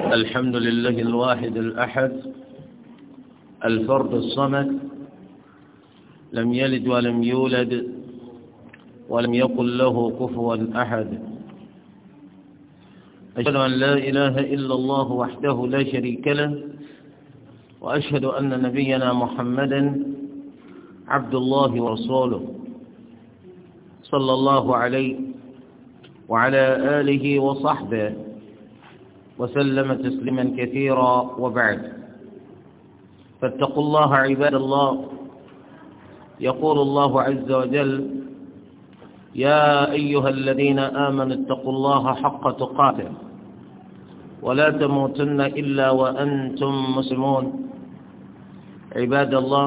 الحمد لله الواحد الأحد الفرد الصمد لم يلد ولم يولد ولم يقل له كفوا أحد أشهد أن لا إله إلا الله وحده لا شريك له وأشهد أن نبينا محمدا عبد الله ورسوله صلى الله عليه وعلى آله وصحبه وسلم تسليما كثيرا وبعد فاتقوا الله عباد الله يقول الله عز وجل يا أيها الذين آمنوا اتقوا الله حق تقاته ولا تموتن إلا وأنتم مسلمون عباد الله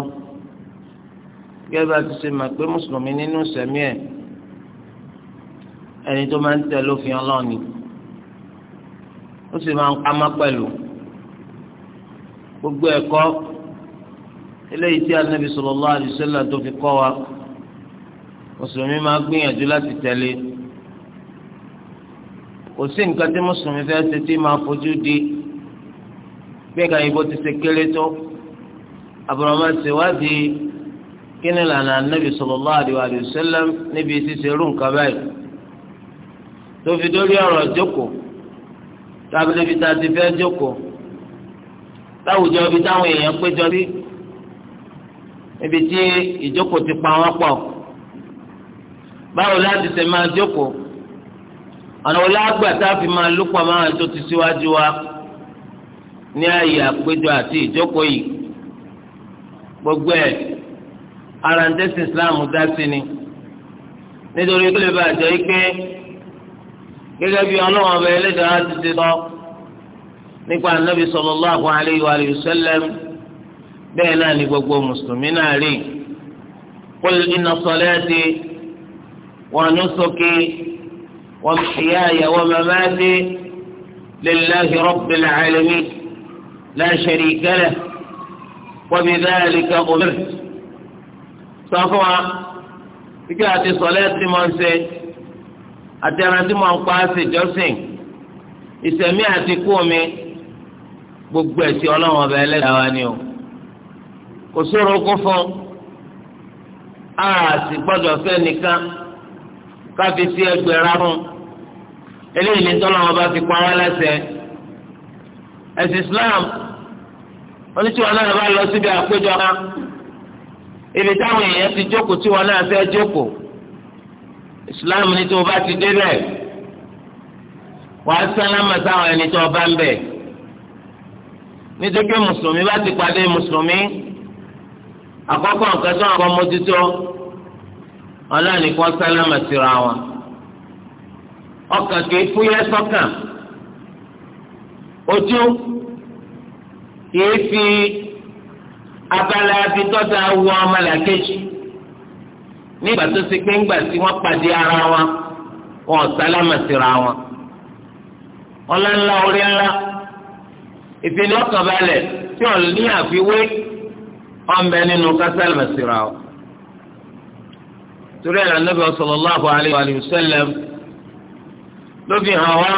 كيف تسمى ti ṣe mọ̀ ان mùsùlùmí nínú الله ó sì máa ń gbogbo ẹ̀kọ́ eléyìí tí anabi sallallahu alaihi wasallam tó fi kọ́ wa mùsùlùmí máa gbìyànjú láti tẹ̀lé kò sí nǹkan tí mùsùlùmí fẹ́ ṣe tí máa di bí ìbò ti ṣe kéré tó àbùrọ̀mọ́ ṣe wádìí kí ni lànà anabi sallallahu alaihi wasallam níbi ṣíṣe rú báyìí tó fi tábìlì ibi tá a ti fẹ́ jókòó táwùjọ ibi táwọn èèyàn péjọ sí ibi tí ìjókòó ti pa wọ́n pọ̀ báwo láti ṣe máa jókòó ọ̀nà wo lágbà tá a fi máa lúpọ̀ máa tó ti síwájú wa ní ààyè àpéjọ àti ìjókòó yìí gbogbo ẹ̀ ara ń tẹ́sí Islam dá sí ni nítorí kí lè bàjẹ́ pé. gẹ́gẹ́ bí ọlọ́wọ́n ọba ẹlẹ́dàá ti ti tọ́ nípa anabi sallallahu alayhi wa sallam bẹ́ẹ̀ náà ni gbogbo mùsùlùmí náà rí kó qul inna salati wa nusuki wa mahyaya wa mamati lillahi rabbil alamin la sharika lah wa bidhalika umirtu sọ fún wa ike àti sọlẹ́ẹ̀tì máa ń ṣe. àtẹ̀rẹ̀ tí mo ń pa ṣèjọ́sìn ìsẹ̀mí àti kú mi gbogbo ẹ̀sìn ọlọ́run ọba ẹlẹ́dàá wa ni o kò sóró kó fún a sì gbọ́dọ̀ fẹ́ nìkan káfi sí ẹgbẹ̀rún fún eléyìí ní tọ́lọ́run ọba fi pa wá lẹ́sẹ̀ ẹ̀sìn Islam oníṣòwò náà bá lọ síbi àpéjọ kan ibi táwọn èèyàn ti jókòó tí wọn náà fẹ́ jókòó islam ni tí o bá ti débẹ̀ wàá sálámà sáwọn ẹni tí o bá ń bẹ̀ nítorí pé mùsùlùmí bá ti pàdé mùsùlùmí àkọ́kọ́ nǹkan tó àwọn mójútó ọlọ́ọ̀ni sálámà síra wọn ọkàn kìí fúyẹ́ sọ́kàn ojú kìí fi abala abitọ́ta wọ ọmọlàkejì nígbà tó ṣe pé ńgbà tí wọ́n pàdé ara wọn wọn sálámà síra wọn. ọlá ńlá orí ńlá ìfìlẹ̀ ọkàn balẹ̀ tí ò ní àfiwé ọ̀nbẹ nínú ká sálámà síra wọn. torí ẹ̀rọ anábì sallallahu alayhi wa sallam ló fi hàn wá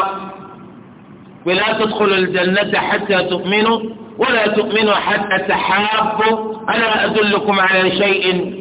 pé la tadkhulu al-jannata hatta tu'minu wa la tu'minu hatta tahabbu ala adullukum ala shay'in.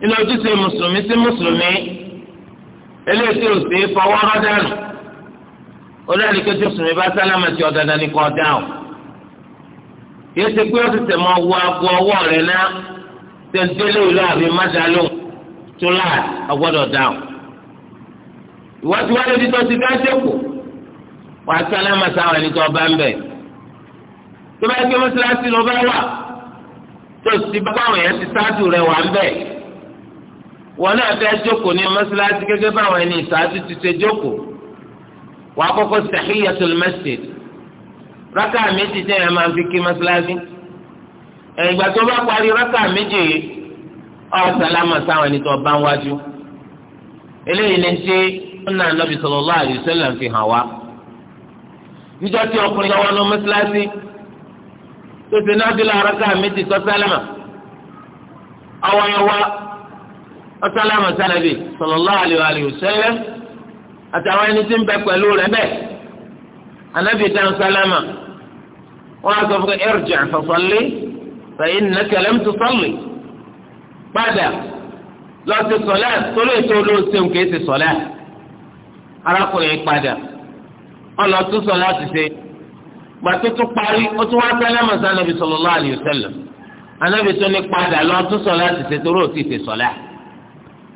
nínú ojúṣe mùsùlùmí sí mùsùlùmí eléyìí tí o sì fọwọ́ rọ́dánù olórí kejì mùsùlùmí bá sálámà tí ọ̀dàdà ní kọ́ dáhùn yìí ti pé ọ̀sẹ̀ mọ wọ aago ọwọ́ rẹ̀ náà tẹ̀síọ́lẹ̀ ìlú àbí mádàlú tó láà ọgbọ́dọ̀ dáhùn ìwádìí wáyé bí tó ti dá sẹ́kù wà á sálámà sáwọn ẹni tó ọba ń bẹ̀ tó bá yẹ kí mọ́sálásí lọ bá wà tó sì bá báwọn yẹn ti sáájú rẹ̀ wà ń bẹ̀. wọn náà fẹ́ jókòó ní mọ́sálásí gẹ́gẹ́ báwọn ẹni ìsáájú ti ṣe jókòó wà á kọ́kọ́ tahiyatul masjid rákà méjì tẹ́ ẹ máa fi kí mọ́sálásí ẹ̀yìn tó bá parí rákà méjì yìí sáwọn ẹni tó bá ń wájú eléyìí ni fi hàn wá níjọ́ tí ọkùnrin lọ́wọ́ lọ ọsàlámà sànàbì sallallahu alaihi wa sallam àtàwọn ẹni tí ń bẹ pẹ̀lú rẹ̀ bẹ́ẹ̀ ànábì dáhùn sàlámà wọn á sọ fún irji' fa salli fa innaka lam tusalli padà lọ́sí sọ̀lá torí ètò olóòsè òkè ti sọ̀lá arákùnrin padà ọlọ́tún sọ̀lá ti ṣe gbàtú tún parí ó tún wá sálámà sànàbì sallallahu alaihi wa sallam ànábì tún ní padà lọ́tún sọ̀lá ti ṣe torí òsì ti sọ̀lá.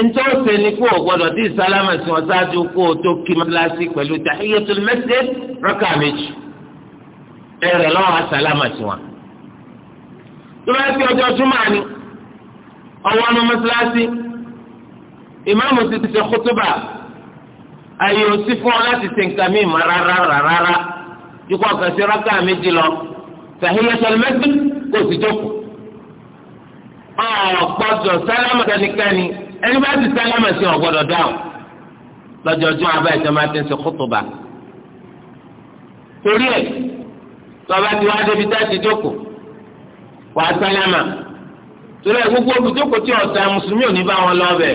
ntọ́ ṣe ni kó o gbọ́dọ̀ tí ìsálámà sí wọn ṣáájú kó o tó kí mọ́tíláṣí pẹ̀lú tahiyatul masjid rákà méjì ẹ̀rẹ̀ lọ́wọ́ àsálámà sí wọn. tó bá ti ọjọ́ túmọ̀ ni ọwọ́ ọmọ mọ́tíláṣí ìmáàmù ti ti ṣe kútúbà ayé o sí fún ọ láti ṣe nǹkan mí mọ́ rárá rárá dukọ́ kan sí rákà méjì lọ tahiyatul masjid kó o sì jókòó. ọ̀ ẹni bá ti sálámà sí wọn gbọ́dọ̀ dáhùn lọ́jọ́jọ́ abá ìjọ máa ti ń sọ kótóbà torí ẹ̀ tọba ti wá débi tá a ti jókòó wàá sálámà torí ẹ̀ gbogbo olùjókòó tí ọ̀sà mùsùlùmí ò ní bá wọn lọ bẹ̀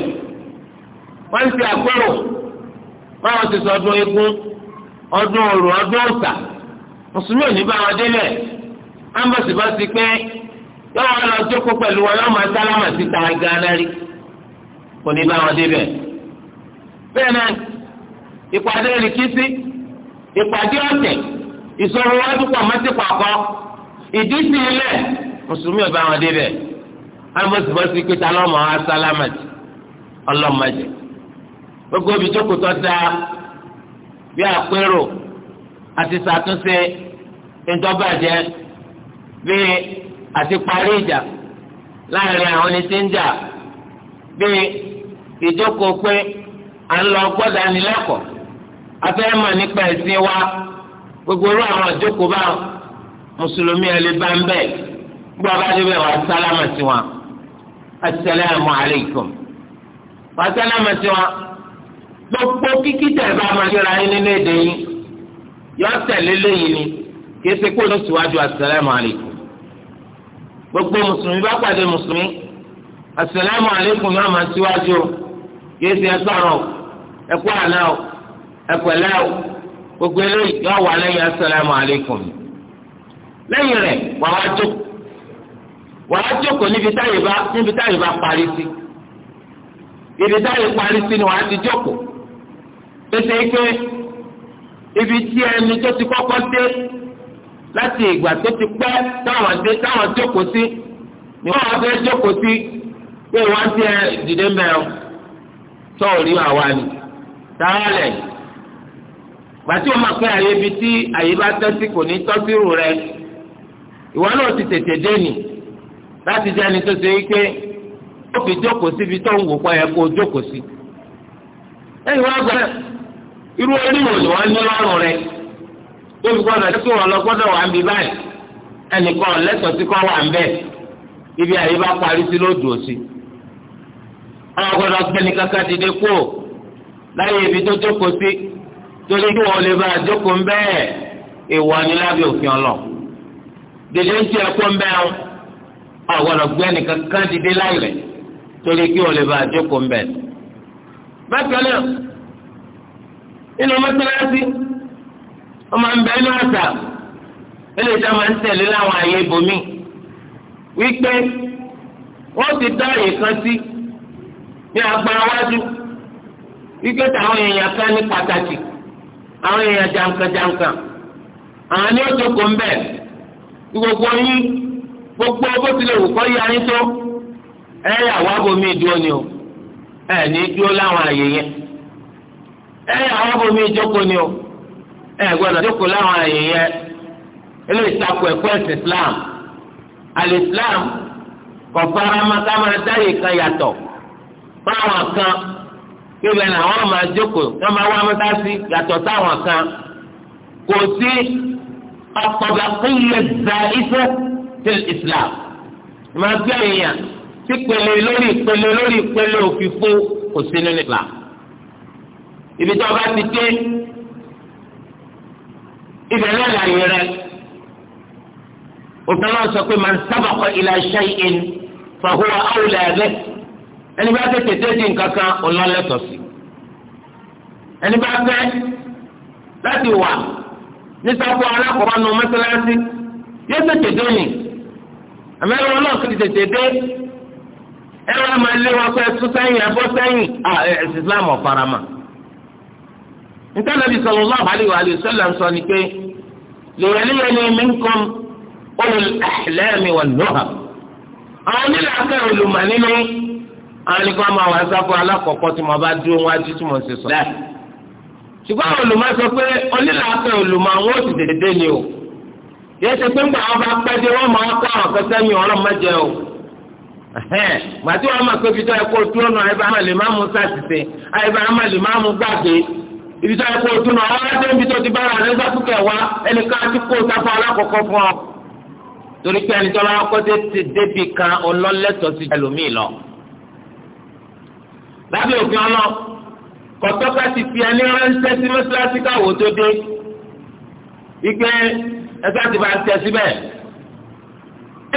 wọ́n ń ṣe àpérò báwọn ti sọ ọdún eégún ọdún òrò ọdún ọ̀sà mùsùlùmí ò bá wọn délẹ̀ ámbọ̀sì bá ti pé yọ̀wọ́ lọ jókòó pẹ̀lú wọn yọ̀ọ́ máa sálámà síta gánà rí kò ní bá wọn débẹ̀. bẹ́ẹ̀ náà ìpàdé rìkísí ìpàdé ọ̀tẹ̀ ìsọ̀rọ̀ wájú pọ̀ mọ́tìpọ̀ àkọ́ ìdí sí ilẹ̀ mùsùlùmí ọba wọn débẹ̀ alimọ̀sibọ́sí pé ta lọ́mọ asálámàjì ọlọ́mọdé gbogbo ibi tó kù tọ́ da bí àpérò àti ṣàtúnṣe ìjọbàjẹ́ bí àti parí ìjà láàrin àwọn ẹni ń jà bí ìjókòó pé à ń lọ gbọ́dọ̀ ànilẹ́kọ̀ọ́ afẹ́rẹ́ nípa ẹ̀sìn wa gbogbo irú àwọn ìjókòó bá mùsùlùmí ali bá ń bẹ̀ gbọ́ bá débẹ̀ wà sálámà sí asalaamu aleykum sálámà sí gbogbo kíkí tẹ̀ bá máa yọra yín nínú èdè yín yọ tẹ̀lé ni kí ẹsẹ̀ kó ló síwájú asalaamu aleykum gbogbo kìí ṣe ẹsọ̀rọ̀ ẹkú àná o ẹpẹ̀lẹ́ o gbogbo eléyìí yọ wà lẹ́yìn asalaamu alaykum lẹ́yìn rẹ̀ wà wá tó wà á jókòó níbi táyì bá níbi táyì bá parí sí ibi táyì parí sí ni wà á ti jókòó pété ike ibi tí ẹni tó ti kọ́kọ́ dé láti ìgbà tó ti pẹ́ táwọn dé táwọn jókòó sí ni wọ́n wá fẹ́ jókòó sí pé wọ́n ti ẹ dìde mẹ́rin. tọ́ọ̀ rí àwa ni tààlẹ̀ gbàtí o máa pẹ́ àyè ibi tí àyè bá tẹ́sí kò ní tọ́sírù rẹ ìwọ náà ti tètè dé nì láti jẹ́ ẹni tó ṣe wípé ó fi jókòó síbi tó ń wò pọ̀ yẹ o jókòó sí. ẹ̀yìn wá gbẹ irú orí wò ni wọ́n ní lọ́rùn rẹ tó fi gbọ́dọ̀ tí wọ́n lọ gbọ́dọ̀ wà ń bí báyìí ẹnìkan lẹ́tọ̀ọ́ sí kọ́ wà ń bẹ́ẹ̀ ibi àyè bá parí sí lóòdù òsì. wọn gbọ́dọ̀ gbẹni kankan dìde kú láyé ibi tó jókòó sí torí kí wọn lè bá àjókòó ń bẹ́ẹ̀ ìwọ ni lábẹ́ òfin ọlọ dèdè ń tiẹ̀ kó ń bẹ́ẹ̀ wọn gbọ́dọ̀ gbẹni kankan dìde láyé torí kí wọn lè bá àjókòó ń bẹ́ẹ̀. bákan náà inú mọ́tàlásí wọ́n máa ń bẹ inú àṣà eléyìí máa ń tẹ̀lé láwọn àyè ibòmíì wípé wọ́n ti dá àyè sí. Si, ní agbá wájú wípé táwọn èèyàn kan ní pàtàkì àwọn èèyàn jàǹkàjàǹkà àwọn ni ó jókòó ń bẹ̀ gbogbo yín gbogbo bó tilẹ̀ wù kọ́ yá yín tó ẹ yà wá bomi ni o ẹ ní dúró láwọn àyè yẹn ẹ yà wá bomi ni o ẹ gbọ́dọ̀ jókòó láwọn àyè yẹn eléyìí takò ẹ̀kọ́ ẹ̀sìn Islam alẹ́ Islam máa kan yàtọ̀. báwọn kan bíbẹ̀ náà wọ́n máa jókòó wọ́n máa wá mọ́tàsí yàtọ̀ sáwọn kan kò sí ọ̀pọ̀lọpọ̀ ilẹ̀ zà iṣẹ́ ti Islam máa bí èèyàn tí pèlè lórí ìpèlè lórí ìpèlè òfìfo kò sí nínú Islam ibi tí ọba ti dé ibẹ̀ náà láàyè rẹ òfin náà sọ pé man sabaqa ila shay'in fa huwa awla bihi ẹni bá tètè tètè nǹkan kan ọlọ́lẹ́tọ̀ sí ẹni bá fẹ́ láti wà ní sáfù alákọ̀ọ́bá nu mọ́sálásí yóò tètè dé ní àmẹ́rin wọn náà kì tètè dé ẹ wá máa lé wọn pé ẹtú sẹ́yìn ẹbọ sẹ́yìn Islam ọ̀farama nítorí sallallahu alaihi wa sallam sọ ni pé liyaliyani minkum ulul ahlami wan nuha àwọn onílà akẹ́rù lùmọ̀ nínú àwọn ní kí wọ́n máa wà sáfù alákọ̀ọ́kọ́ tí mo bá dúró wájú tí mo ń ṣe sọ. ṣùgbọ́n àwọn olùmọ̀ sọ pé onílàáfẹ́ olùmọ̀ àwọn ò sì dédé ni o yẹ ṣe pé ńgbà wọn bá pẹ́ dé wọ́n máa kọ́ àwọn kan sẹ́yìn ọ̀rọ̀ mẹ́jẹ o. gbàtí wọn máa pé ibi tó yẹ kó dúró náà ibà máa lè má mú sàtìsẹ́ ibà máa lè má mú gbàgbé ibi tó yẹ kó dúró náà ọ̀rọ̀ dé ibi tó ti bá lábẹ́ òfin ọlọ́ kọ̀tọ́ka ti fi ẹni ránṣẹ́ sí mọ́ṣáláṣí káwọ́ tó dé ike ẹ̀ka ti bá tẹ̀ síbẹ̀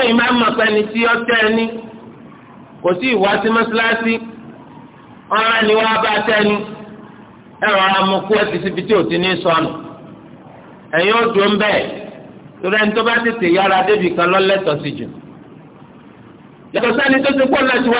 ẹ̀yin máa mọ̀ pé ẹni tí ó tẹ́ ẹni kò sí ìwá sí mọ́ṣáláṣí ọ̀rá ni wọ́n á bá tẹ́ ẹni ẹ̀rọ amọ̀kú ẹ̀ ti síbi tí ò ti ní sọnù ẹ̀yin ó dùn bẹ́ẹ̀ torí ẹni tó bá tètè yára débi kan lọ́lẹ́tọ̀ jù yàtọ̀ sani tó ti pọ̀ náà ti wá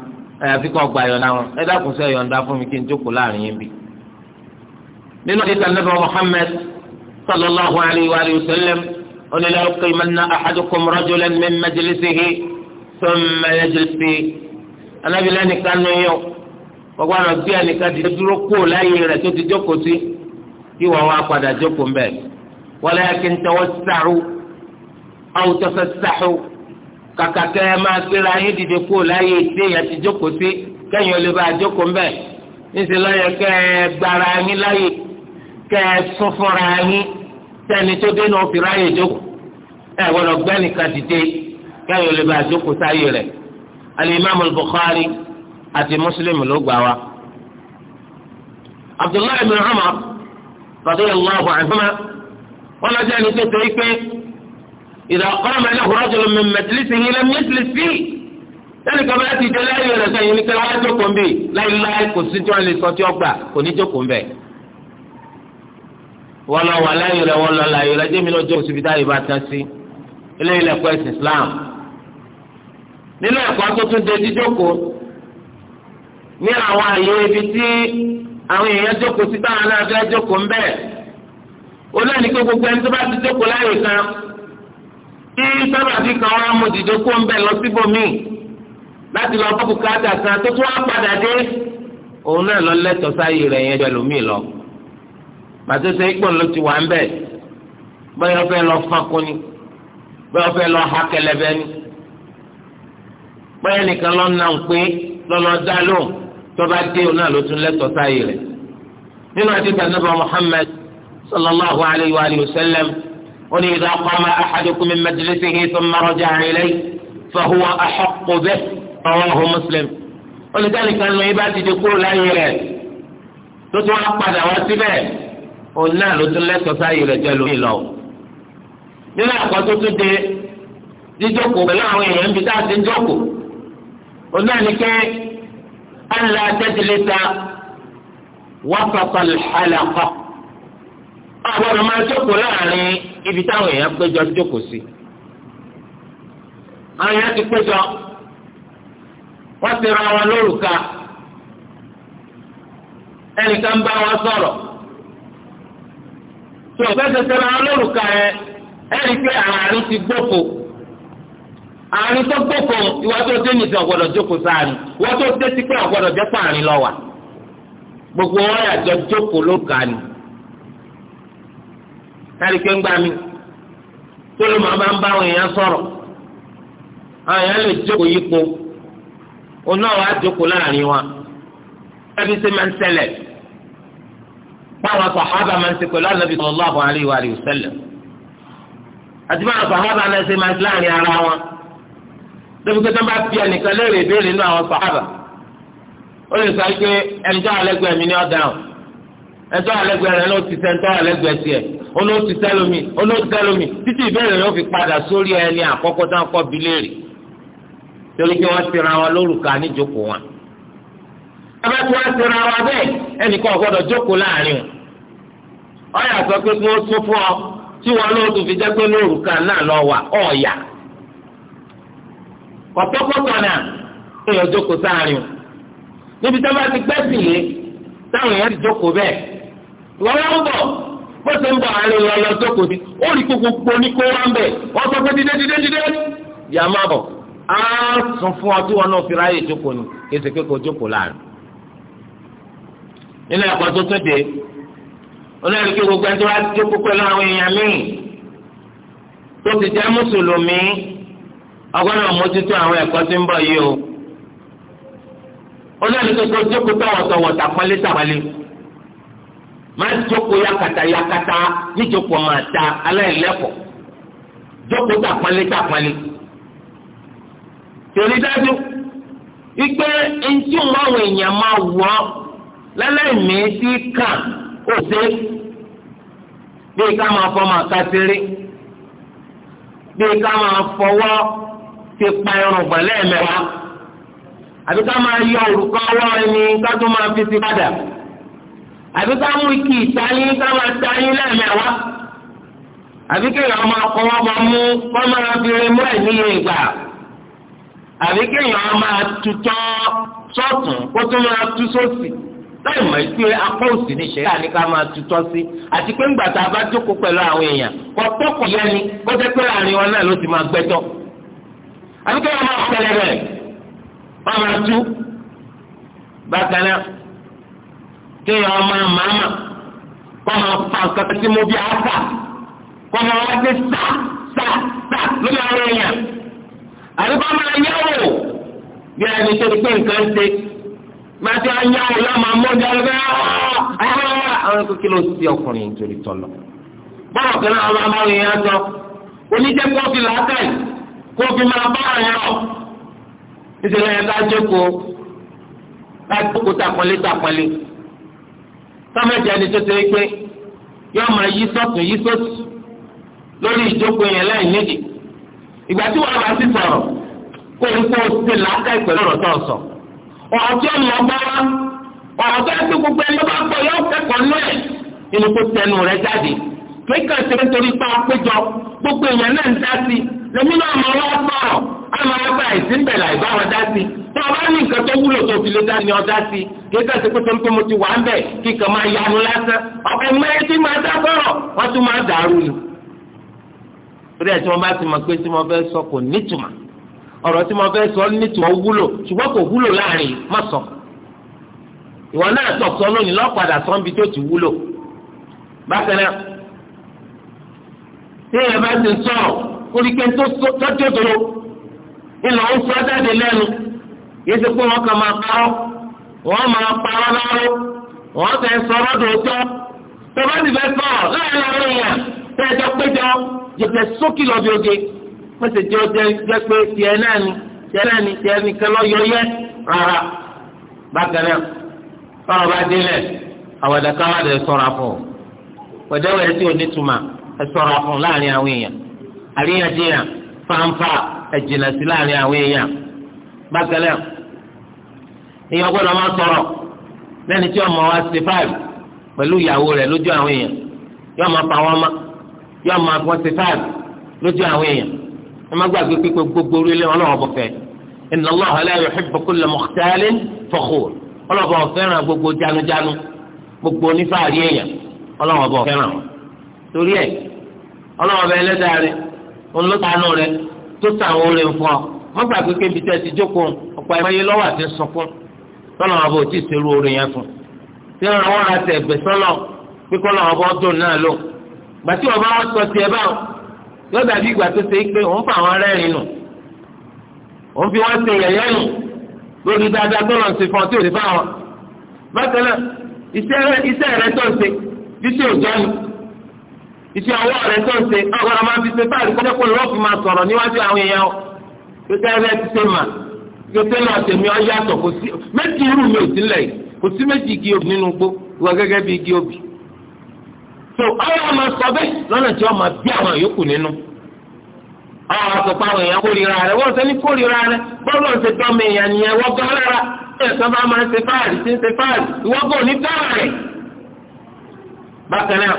àyàfi kọ́ gba yọ̀ǹda wọn ẹ dákun sẹ́ yọ̀ǹda fún mi kí n jókòó láàrin yín bí. nínú àdìsá nàbà Muhammad sallallahu alayhi wa sallam onílẹ̀ ọkọ̀ ìmọ̀nà ahadukum rajulan min majlisihi thumma yajlisi. anábìlẹ̀ nìkan nù yọ gbogbo àwọn bí ẹnìkan ti dúró kó láyé rẹ̀ tó ti jókòó sí kí wọ́n wá padà jókòó mbẹ́ walakin tawassahu aw tafassahu kàkà kẹ́ ẹ máa gbéra yín dìde kú láyé tí èèyàn ti jókòó sí kẹ́yìn olè bá jókòó mbẹ́ níṣẹ́ lọ́yẹ kẹ́ ẹ gbára yín láyé kẹ́ ẹ sún fúnra yín sẹ́ni tó dé náà fi ráyè jókòó ẹ gbọ́dọ̀ gbẹ́ nìkan dìde kẹ́yìn olè bá jókòó sáyé rẹ̀ alimami Bukhari àti Muslim ló gbà wá. Abdullahi bin Umar radiyallahu anhuma wọn lọ jẹ́ ẹni tó ṣe é pé. إذا قام له رجل من مجلسه لم يجلس فيه lẹ́nu kan bá ti jẹ lẹ́yìn rẹ̀ sẹ́yìn ní kíláwá jókòó ń bì láìláì kò sí tí wọ́n lè sọ tí ó gbà kò ní jókòó ń bẹ̀. wọ́n lọ wà lẹ́yìn rẹ̀ wọ́n lọ láyìn rẹ̀ jẹ́mi náà Islam. nínú ẹ̀kọ́ tó tún de jíjókòó ní àwọn àyè ibi tí àwọn èèyàn jókòó sí táwọn náà fẹ́ jókòó ń bẹ̀. olóòní pé gbogbo ẹni tó bá ti jókòó láyè kan kí sábàbí kan wá mú dìde kó ń bẹ lọ síbòmíì láti lọ bọ́ bùkátà kan tó tún wá padà dé òun náà lọ lẹ́tọ̀ọ́ sáyé rẹ̀ yẹn jẹ́ lómìí lọ pàtẹ́sẹ́ ìpọ́n ló ti wà ń bẹ̀ bẹ́ẹ̀ wọ́n fẹ́ lọ fankun ni bẹ́ẹ̀ wọ́n fẹ́ lọ ha kẹlẹ́bẹ ni bẹ́ẹ̀ nìkan lọ nà ń pé lọ́lọ́ dá lóhùn tọ́ba dé òun náà ló tún lẹ́tọ̀ọ́ sáyé rẹ̀ nínú àti tànàbà Muhammad sallallahu alayhi wa sallam wọn ìdá qama ahadukum min majlisihi thumma raja'a ilayhi fahuwa ahaqqu bihi rawahu Muslim olùdarí kan lọ ibà dìde kúrò láyé rẹ̀ tó tún wá padà wá síbẹ̀ òun náà ló tún lẹ́tọ̀ọ́ sáyé rẹ̀ jẹ́ lómi lọ. nínú àkọ́tún tún de jíjókòó pẹ̀lú àwọn èèyàn níbi tá a ti ń jókòó òun náà ní kẹ́ alla tajlisa wasata al-halaqa àgbọ̀dọ̀ máa jókòó láàrin ibi táwọn èèyàn péjọ jókòó sí. àwọn èèyàn ti péjọ wọ́n ti ra wọn lórúkà ẹnìkan bá wọn sọ̀rọ̀ tó o fẹ́ tẹ̀sẹ̀ ra wọn lórúkà yẹn ẹnì pé àárín ti gbófo àárín tó gbófo ìwà tó dé nìjọ ọ̀gbọ̀dọ̀ jókòó sáárín ìwà tó dé ti pé ọ̀gbọ̀dọ̀ jẹ́ pààrin lọ́wà gbogbo wọn yà jọ jókòó lórúkà ni. ẹ̀rí pé ń gbà tó ló máa ń bá àwọn èèyàn sọ̀rọ̀ àwọn èèyàn lè jókòó yípo òun náà jókòó láàrin wa ẹbí sí máa ń ṣẹlẹ̀ báwọn sàhábà máa ń ṣe àti báwọn sàhábà náà ṣe máa ń láàrin ara wọn lóbi pé tó ń bá bí ẹnìkan ìbéèrè nínú àwọn sàhábà ó lè sọ pé ẹnìjọ́ ni ọ̀dà olóòtú sẹlómi olóòtú sẹlómi títí ìbéèrè yóò fi padà sórí ẹni àkọ́kọ́ tó ń kọ́ bi torí pé wọ́n ti wọn lórúkà níjókòó wọn. ẹgbẹ́ tí wọ́n wọn bẹ́ẹ̀ ẹnìkan gbọ́dọ̀ jókòó láàrin o ọ̀yà sọ pé kí wọ́n fún ọ tí wọn lóòtú fi jẹ́ pé lórúkà náà lọ wà ọ̀ọ̀yà náà ń tí wọ́n bá ti bó ṣe ń bọ̀ àárín lọ lọ sóko sí ó rí gbogbo oníkó wá ń bẹ̀ wọ́n sọ pé dídé dídé dídé yà má bọ̀ á sùn fún ọ tí wọn náà fi ráyè jókòó ni kéṣe pé kò jókòó láàrin. nínú ẹ̀kọ́ tó tún dé onáyẹ̀rí kí gbogbo ẹni tó bá jókòó pẹ̀lú àwọn èèyàn míì tó ti jẹ́ mùsùlùmí ọgọ́nà mójútó àwọn ẹ̀kọ́ tí ń bọ̀ yìí o onáyẹ̀rí kí gbogbo jókòó tọ̀wọ̀tọ̀wọ̀ tàpọ́nlé máa ń jókòó yakata yakata níjókòó máa ta aláìlẹ́kọ̀ọ́ jókòó tàpọ́nlé tàpọ́nlé. torí dájú wípé ntí wọn àwọn èèyàn máa wọ lálẹ́mí sí kàn kò sí bíi ká máa fọ́ máa bíi ká máa fọwọ́ ti pa irun gbọ̀n àbí ká máa yọ òrùka ẹni ká tó máa fi àbí ká mú ikì ìtayín ká máa tayín lẹ́ẹ̀mẹ́wá àbí kéèyàn máa kọ́ wọ́n máa mú wọ́n máa fi mú ẹ̀ níye ìgbà àbí kéèyàn máa tutọ́ sọ́ọ̀tún kó tó máa tú sósì láì mọ̀ pé apá òsì ní ṣẹ́yà ni ká máa tutọ́ sí àti pé ńgbà tá a bá jókòó pẹ̀lú àwọn èèyàn kọ́ tọ́kọ̀ yẹn ni kó jẹ́ pé láàrin wọn náà ló ti máa gbẹ́tọ́ àbí kéèyàn máa pẹlẹbẹ wọ́n máa tú bákan kéèyàn ọmọ màmá kọ́ máa fa nǹkan tí mo bí àáfà kọ́ máa wá dé sá sá sá lórí àwọn èèyàn àdúgbò máa yẹ̀wò bí ẹni tó ti pé nǹkan ṣe máa ti wá yẹ̀wò lọ́mọ amóúnjẹ ọlọ́gbẹ́ àwọn ẹ̀kọ́ kí ló ti ọkùnrin nítorí tọ́lọ̀ bọ́ọ̀ kan náà ọba máa yẹn sọ oníjẹ́ kófì làákàyè kófì máa bá àyàn ọ̀ nítorí ẹ̀ka jókòó láti kókó takpọ́lé takpọ́lé sọ́mẹ́jẹ ni tó ṣe é pé yọ máa yí sọ́tún yí sọ́tún lórí ìjókòó yẹn láì nídìí ìgbà tí wọ́n bá ti sọ̀rọ̀ kó o kó o ti làákà ìpẹ̀lú ọ̀rọ̀ tó ń sọ ọ̀rọ̀ tí ó lọ gbọ́ wá ọ̀rọ̀ tó ń tó gbogbo ẹni tó bá gbọ́ yọ kẹ́kọ̀ọ́ nú ẹ̀ inú kó tẹnu rẹ̀ jáde kéka ṣe nítorí pa péjọ gbogbo èèyàn náà ń dá sí lèmi náà máa wá sọ̀rọ̀ á máa bá àìsí ń bẹ̀rẹ̀ àìbáwọn dá sí tó o bá ní nǹkan tó wúlò tó fi lè dá ní ọjà sí kí ká ṣe pé tó ń pé mo ti wà ń bẹ̀ kí kan máa yanu lásán ọ̀pẹ̀ mẹ́rin tí máa dá sọ̀rọ̀ wọ́n tún máa dàrú ni. torí ẹ̀ tí wọ́n bá ti mọ̀ pé tí mo fẹ́ sọ kò nítumọ̀ ọ̀rọ̀ tí mo fẹ́ sọ nítumọ̀ wúlò ṣùgbọ́n kò wúlò láàrin má sọ. ìwọ náà tọ̀sọ lónìí lọ́padà sọ́nbi tó ti wúlò. bákan náà tí èèyàn bá ti sọ̀rọ̀ orí pé tó tó tó ńlọ ń sọ jáde yìí ti pé wọn kàn máa parọ́ wọn máa parọ́ lọ́rọ́ wọn fẹ́ sọ̀rọ̀ dòótọ́ tọ́ba ti fẹ́ sọ̀rọ̀ láàrin àwọn èèyàn tẹ́ ẹjọ́ péjọ jẹ̀fẹ̀ sókè lọ́bi oge wọ́n sì jẹ́ jẹ́ pé tiẹ̀ náà ni tiẹ̀ náà ni tiẹ̀ nìkan lọ́ yọ yẹ rárá bákan náà báwo bá délẹ̀ àwàdà káwá lè sọ̀rọ̀ fún ọ wẹ̀dẹ́wẹ̀dẹ́ tí ò ní tuma ẹ sọ̀rọ̀ fún láàrin àwọn èèyàn àríyànjiyàn fáńfà ẹ̀jìnà sí láàrin àwọn èèyàn bákan náà èèyàn gbọ́dọ̀ máa sọ̀rọ̀ lẹ́ni tí ọmọ wa ṣe fáìlì pẹ̀lú ìyàwó rẹ̀ lójú àwọn èèyàn yóò máa pa wọn ma yóò máa wọn ṣe fáìlì lójú àwọn èèyàn ẹ má gbàgbé pípé gbogbo orílẹ̀ ọlọ́wọ́ bọ̀ fẹ́ inna Allaha la yuhibbu kulla mukhtalin fakhur ọlọ́wọ́ fẹ́ràn gbogbo jánujánu gbogbo onífàárí èèyàn ọlọ́wọ́ bọ̀ fẹ́ràn torí ẹ ọlọ́wọ́ bẹ ẹlẹ́dàá rẹ òun wọ́n gbà pé kébi tẹ́ ti jókòó ọ̀pọ̀ ẹ̀mọ́ yẹn lọ́wọ́ àti sunkún tọ́lọ̀ wọn bò tí ì serú orin yẹn fún tí wọn wọn ra tẹ ẹgbẹ sọlọ pé kọ́lọ̀ wọn bọ́ dùn náà lò gbà tí wọn bá wọn sọ tiẹ̀ báwọn yóò dàbí ìgbà tó ṣe é pé òun fà wọn rẹ́rìn nù òun fi wọn ṣe yẹ̀yẹ́ nù lórí dáadáa tọ́lọ̀ ń ṣe fún ọ tí ò ní fáwọn bákan náà iṣẹ́ rẹ tó ń ṣe bí tí ò jẹ́ nù iṣẹ́ ọwọ́ rẹ tó ń ṣe ọgọ́dọ̀ máa fi ṣe báyìí kọ́jọ́ pété ẹlẹ́ ti ṣe mà pété náà tèmi ọ yàtọ̀ kò sí méjì irú mi ò sílẹ̀ kò sí méjì igi obì nínú gbó wọ gẹ́gẹ́ bí igi obì. tó ọ̀rọ̀ ọmọ sọ bẹ́ẹ̀ lọ́nà tí wọ́n bí àwọn yòókù nínú. ọ̀rọ̀ àtọ̀pọ̀ àwọn èèyàn kórìíra rẹ̀ wọ́n sẹ́ni kórìíra rẹ̀ bọ́ọ̀lù ọ̀sẹ̀ tọ́mọ èèyàn ni ẹ̀wọ́ gan rárá ẹ̀ sọ bá máa ń ṣe fáàrì tí ń ṣe fáàrì ìwọ́gbọ̀n ò ní dára rẹ̀. bákan náà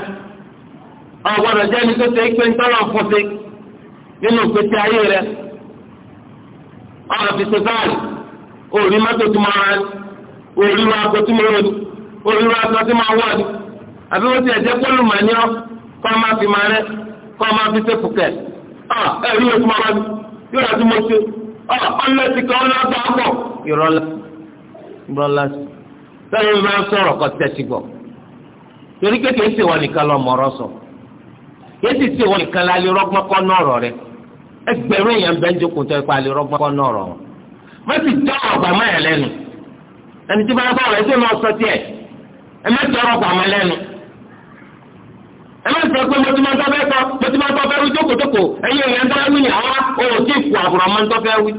ọ̀gbọ́dọ̀ jẹ́ ẹni tó ṣe é pé ń tọ́lọ̀ fún ṣe nínú ìgbésí ayé rẹ̀ ọmọ fi ṣe báyìí òòrí mọ́tò tó máa rán òòrí wa kó tó máa rán òòrí wa tó tó máa wọ̀ ni àbí wọ́n ti ẹ̀jẹ̀ pọ́lù mà kọ́ ọ máa fi máa kọ́ ọ máa fi ṣe fùkẹ́ ọ̀ ẹ̀rí yóò máa rán yóò rà tó mo ṣe ọ̀ ọlọ́ọ̀tì ọkọ̀ ìrọ̀lá sọ̀rọ̀ kọ́ tẹ̀sí gbọ̀ ẹgbẹ̀rún èèyàn bẹ́ẹ̀ ń jókòó tó ipa lè rọ́gbọ́n kọ́ náà rọ̀ má sì tọ́ ọ̀gbà má yẹn lẹ́nu ẹni tí bá bá rẹ̀ tó máa sọ tiẹ̀ ẹ má tọ́ ọ̀gbà má lẹ́nu. ẹ má sọ pé mo ti máa tọ́fẹ́ àbùrọ̀ máa ń tọ́fẹ́ wí.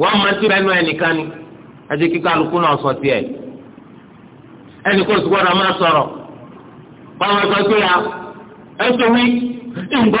wọ́n máa ẹnìkan ni kíkọ́ alùpùpù náà sọ tiẹ̀ ẹnì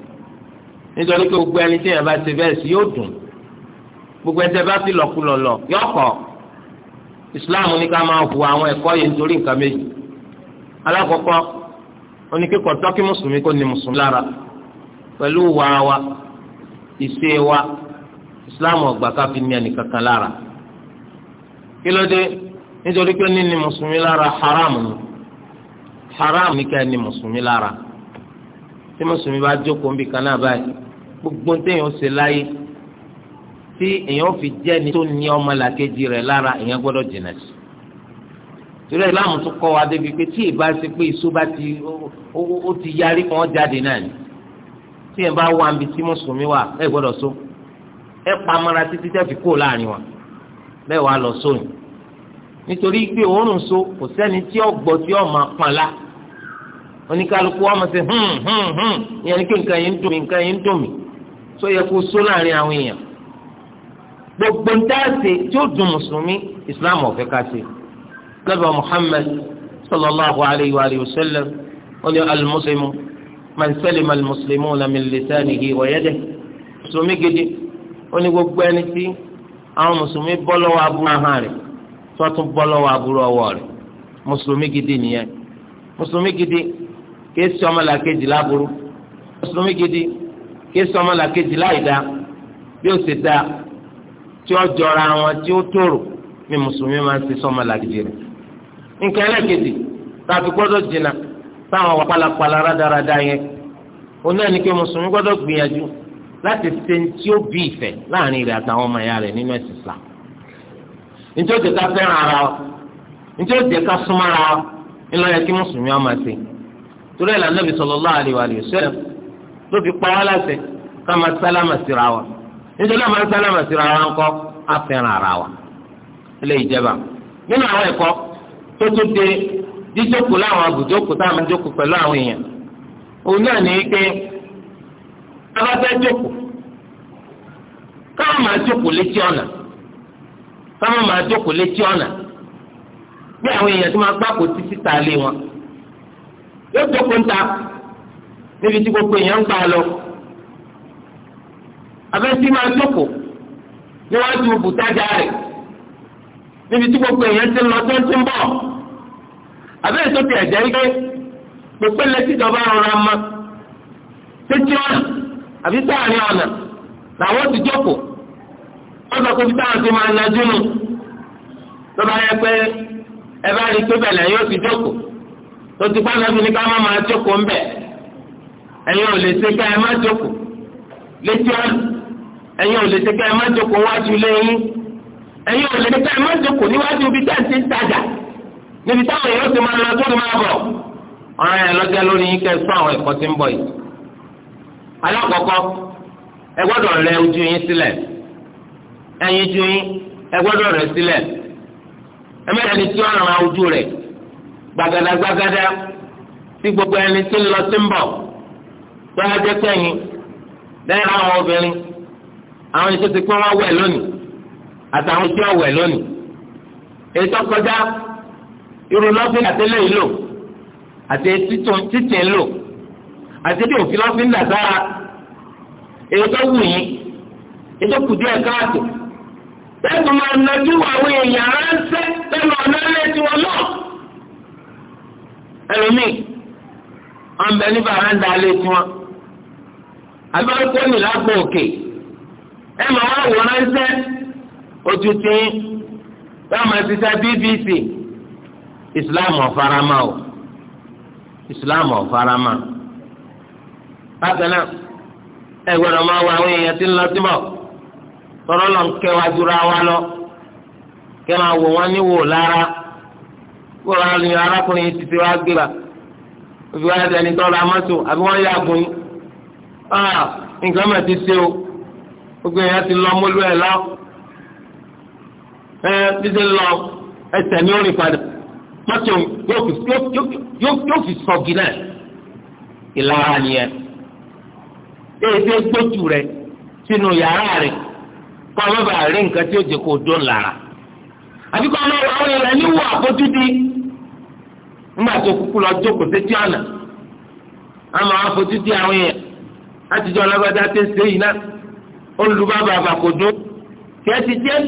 nítorí pé gbogbo ẹni tí yẹn bá ṣe bẹ́ẹ̀ sí yóò dùn gbogbo ẹni tí yẹn bá fi lọ́kùlọ̀ lọ yóò kọ́ Islam ní ká máa hu àwọn ẹ̀kọ́ yìí nítorí nǹkan méjì alákọ̀ọ́kọ́ oníkẹ́kọ̀ọ́ tọ́kí mùsùlùmí kò ní mùsùlùmí lára pẹ̀lú wa wa ìṣe wa Islam ọ̀gbà ká fi ní ẹnìkan kan lára kí nítorí pé níní mùsùlùmí lára haram ni haram ní ká ẹni mùsùlùmí lára tí mùsùlùmí bá jókòó ń bì kan náà báyìí gbogbo téèyàn ṣe láyé tí èèyàn fi jẹ́ ni tó ní ọmọ làkejì rẹ̀ lára èèyàn gbọ́dọ̀ jìnà sí torí ìlànà tó kọ́ wa débi pé tí ìbá ṣe pé iṣu bá ti ó ti yarí kan jáde náà ni tí ẹ bá wà níbi tí mùsùlùmí wà ẹ gbọ́dọ̀ so ẹ pamọ́ra títí tẹ́ fi kó láàrin wa bẹ́ẹ̀ wàá lọ sóyún nítorí pé òórùn so kò sẹ́ni tí ó gbọ́ tí ó máa pọn la oníkálukú wa máa ṣe hùn hùn hùn ìyẹn ní kí nǹkan yìí ń dùn mí nǹkan yìí ń dùn mí tó yẹ kó só láàrin àwọn èèyàn gbogbo ń dáàsì tí ó dùn mùsùlùmí islam ọ̀fẹ́ ká sí lọ́bà muhammed sallallahu alayhi wa sallam wọ́n ní alimuslimu man salima alimuslimu na min lisanihi wa yadihi mùsùlùmí gidi wọ́n ní gbogbo ẹni tí àwọn mùsùlùmí bọ́ lọ́wọ́ aburú ahọ́n rẹ̀ tó tún aburú ọwọ́ rẹ̀ mùsùlùmí gidi nìyẹn mùsùlùmí gidi kì ọmọlàkejì láburú mùsùlùmí gidi. kí sọmọlà kejì láì dá bí ó ṣe dá tí ó jọra wọn tí ó tòrò ni mùsùlùmí máa ń ṣe sọmọlà kejì rẹ̀ nǹkan ẹlẹ́kejì tàbí gbọ́dọ̀ jìnnà táwọn wà pálapàla rádaràda yẹn oní ẹni pé mùsùlùmí gbọ́dọ̀ gbìyànjú láti se tí ó bí ìfẹ́ láàrin rẹ̀ àtàwọn ọmọ ìyá rẹ̀ nínú ẹ̀sìn ara o jẹ́ ká ara kí mùsùlùmí ọmọ ẹ̀sìn torí ẹ̀ ló fi pa wá láṣẹ ká máa sálámà síra wa nítorí àwọn sálámà síra wa ńkọ́ á ara wa ilé ìjẹba nínú àwọn ẹ̀kọ́ tó tún de jíjókòó láwọn tá a máa jókòó pẹ̀lú àwọn èèyàn òun náà ní pé abáfẹ́ jókòó káwọn máa jókòó létí ọ̀nà káwọn máa jókòó létí ọ̀nà níbi tí gbogbo èèyàn ń gbà lọ abẹ́sí máa jókòó níwájú bùtájà rẹ̀ níbi tí gbogbo èèyàn ti lọ tó ń ti ń bọ̀ abẹ́rẹ́ tó ti ẹ̀jẹ̀ ike gbogbo ẹlẹ́tìjọba rọra ma tẹ́tí ọ̀nà àbí sáàrin ọ̀nà làwọn ti jókòó wọ́n sọ pé táwọn ti máa najú nù tó bá yẹ pé ẹ bá rí pé bẹ̀lẹ̀ yóò ti jókòó tó ti bá ká má máa jókòó ń bẹ̀ ẹ̀yin ò lè ṣe ká ẹ má jókòó létí ọ̀nà ẹ̀yin ò lè ṣe ká ẹ má jókòó wájú lẹ́yìn ẹ̀yin ò lè ṣe ká ẹ má níwájú ibi tá à ń ń tajà níbi táwọn èèyàn ti máa lọ máa bọ̀ ọ̀rọ̀ yẹn lọ́jọ́ lórí yín kẹ́ ẹ sọ àwọn ẹ̀kọ́ tí ń bọ̀ yìí. alákọ̀ọ́kọ́ ẹ gbọ́dọ̀ rẹ ojú yín sílẹ̀ ẹ̀yin ojú yín ẹ gbọ́dọ̀ rẹ gbogbo ẹni tí ń tó yà jẹ́ sẹ́yìn lẹ́yìn àwọn obìnrin àwọn iṣẹ́ ti ọwụwa lọnụ wẹ̀ lónìí àtàwọn iṣẹ́ ọ̀wẹ̀ lónìí ètò kọjá irú lọ́fíìn àtẹ́lẹ̀ yìí lò àti títì lò àti bí òfin lọ́fíìn dà ètò wù yín ètò kùdí nájú àwọn èèyàn lẹ́nu ọ̀nà ẹlẹ́tì wọn náà ẹlòmíì abẹ́rẹ́kọ́nì lágbó òkè ẹ máa wá wò ránṣẹ́ òtútù yóò máa ṣiṣẹ́ bbc islam ọ̀farama o islam ọ̀farama bákan náà ẹ gbọ́dọ̀ máa wọ àwọn èèyàn tí ń lọ síbọ̀ tọ́rọ́ lọ́n kẹwàá jura wa lọ kẹ́ máa wò wọ́n níwò lára kó ara ni arákùnrin ti ti wá gbéra òfin wa dẹni tọ́ra mọ́tò àbí wọ́n yá agun yìí. Ah, nǹkan mà ti ṣe o gbogbo ya ti lọ mọ́lú ẹ̀ lọ ẹ se lọ ẹsẹ̀ ní orin padà yóò fi sọ̀gì náà ìlara nìyẹn èyí tí ó gbójú rẹ sínú yàrá rẹ kọ́ ọ rí nǹkan tí ó jẹ kó lára àbí ọmọ ní nígbà tó àtijọ́ alágbádá tẹ́ ṣe yìí náà olùbábà àbàkòdún tiẹ́ ti jẹ́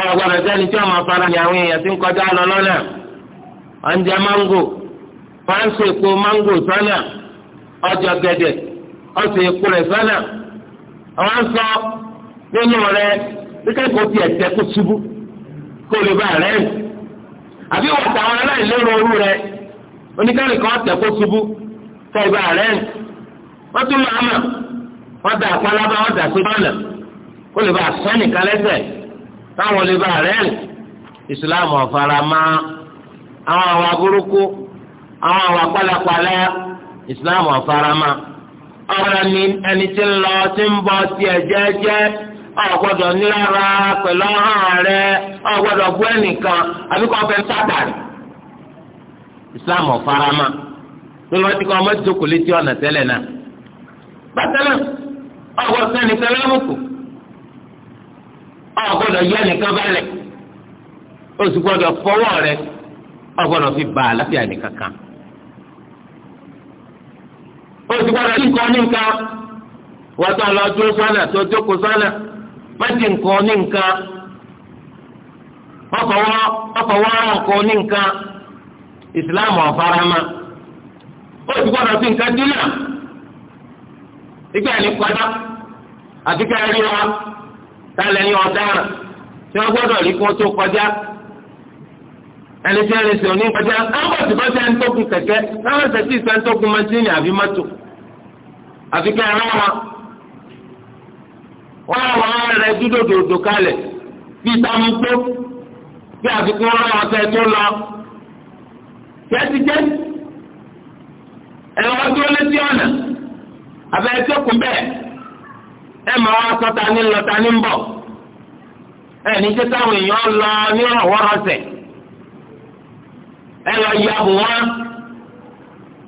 àwọn gbọ́dọ̀ tí wọ́n máa fara ní àwọn èèyàn tí ń kọjá lọ lọ́nà ọ̀njẹ́ mango fáńsì èpo mángò sọ́nà ọjọ́ gẹ̀dẹ̀ ọ̀sẹ̀ èpo rẹ̀ sọ́nà àwọn ń sọ nínú rẹ̀ kíkẹ́kọ̀ọ́ tiẹ̀ tẹ́ kó ṣubú kó lè bá rẹ̀ rìn àbí wọ́n tàwọn aláìlérò orú rẹ̀ oníkàlùkọ́ tẹ́ kó ṣubú kó lè bá rẹ̀ rìn. wọ́n tún máa mọ̀ wọ́n da àpálábá wọ́n da sí bọ́ọ̀lù kó lè bá sọ́ọ̀nì kálẹ́sẹ̀ táwọn lè bá rẹ́ẹ̀lì ìsìláàmù ọ̀fara máa àwọn àwọn aburúkú àwọn àwọn apálapàlà ọ̀fara máa ọ̀rọ̀ ni ẹni tí ń lọ tí ń ọ̀gbọ́dọ̀ nílára pẹ̀lú ọ̀hán ọ̀gbọ́dọ̀ bú ẹnìkan àbíkọ́ sátàrì ọ̀fara máa lọ́wọ́ ti kọ́ ọmọ létí ọ̀nà tẹ́lẹ̀ náà bàtẹ́lẹ̀ ọ̀gbọ́n sẹ́ni sẹ́lẹ̀ àbùkù ọ̀gbọ́dọ̀ yẹ nìkan balẹ̀ o fọwọ́ rẹ ọ̀gbọ́dọ̀ fi bà àlàáfíà nìkan kan o kí nǹkan nìkan wọ́n lọ dúró sọ́nà tó sọ́nà nǹkan nìkan ìgbà ní padà àti ká rí wa tá lẹ́yìn ọ̀daràn tí wọ́n gbọ́dọ̀ rí kí wọ́n tó kọjá ẹni tí ẹni sọ ní kọjá káwọn ti bá sẹ́ni tó kun kẹ̀kẹ́ káwọn ti ti sẹ́ni tó kun mọ́tínì àbí mọ́tò àfi ká ẹ̀rọ wa wọ́n wà á rẹ dúdò dòdò kalẹ̀ bí sàmúgbó bí àfikún wọn wà tó lọ jẹ́tijẹ́ ẹ̀rọ tó létí ọ̀nà abẹ́rẹ́ tó kún bẹ́ẹ̀ ẹ máa wá sọ ta ní lọ ta ní bọ̀ ẹ ní jẹ́ táwọn èèyàn lọ ní ọ̀wọ́rọ̀sẹ̀ ẹ lọ ya bù wọn